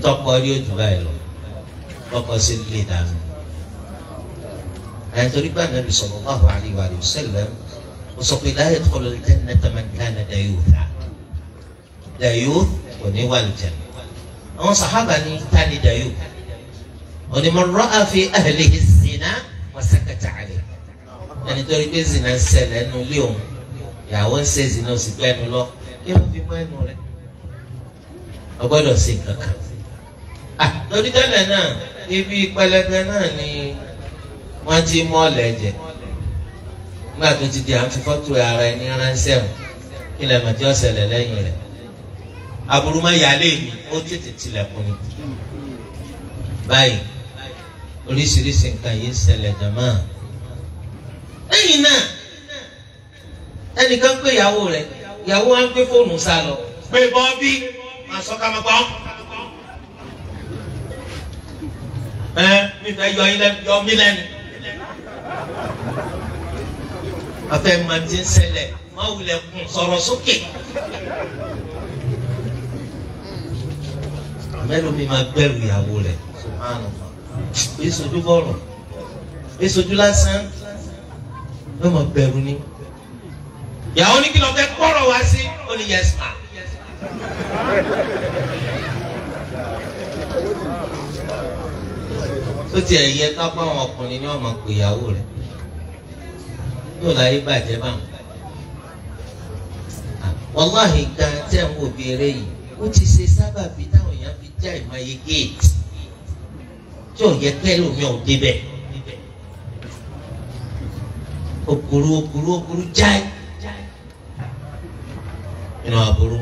ntọ́kọ rí ojú báyìí lọ lọ́kọ sí lè dànù. àyàtọ̀rí bá nàbì sallallahu alaihi wa sallam mo sọ pé la yadkhulu al-jannata man kana dayutha dayuth kò ní wà lìjẹ̀nà. àwọn sàhábà ní tani dayuth òní man ra'a fi ahlihi zina wa sakata alayhi. ẹni tó rí pé zina ń ṣẹlẹ̀ nù lé òun ìyàwó ń ṣe zina ó sì gbẹ́nu lọ kí fi mọ́ ẹnu rẹ̀ ọgbọ́dọ̀ kankan. Ah, lórí tẹ́lẹ̀ náà ibi pẹlẹbẹ náà ni wọ́n ti mú ọ̀lẹ̀ jẹ nígbà tó ti di à ń fi fọ́tò ara ẹni ránṣẹ́ o kí lè mọ̀ tí ó ṣẹlẹ̀ lẹ́yìn rẹ̀ aburú má yálé mi ó tètè tilẹ̀kùn ni báyìí oríṣiríṣi nǹkan yìí ṣẹlẹ̀ jàmá lẹ́yìn náà ẹnìkan pé ìyàwó rẹ̀ ìyàwó wa ń gbé fóònù sá lọ pé bọ́ọ̀bì màá sọ ká máa gbọ́. ẹ mi fẹ́ yọ yín lẹ́nu yọ mí lẹ́nu afẹ́ máa ti ń ṣẹlẹ̀ má wulẹ̀ kún sọ̀rọ̀ sókè mẹ́nu mi máa bẹ̀rù ìyàwó rẹ̀ sùmánù èsojú bọ̀rọ̀ èsojú lásán ló máa bẹ̀rù ni ìyàwó ní kí lọ́ọ́ fẹ́ kọ́rọ̀ wá sí ó ó ti ẹ̀ yẹ ká bá àwọn ọkùnrin ní ọmọ pè ìyàwó rẹ̀ yóò láyé bàjẹ́ báwọn. Ah, wàláhì gan tẹ̀ ń wò bí eré yìí ó ti ṣe sábàbí táwọn èèyàn fi já ìmọ̀ye géètì tí ò yẹ kẹ́lò mi ò débẹ̀. òkúrú òkúrú òkúrú jáì nínú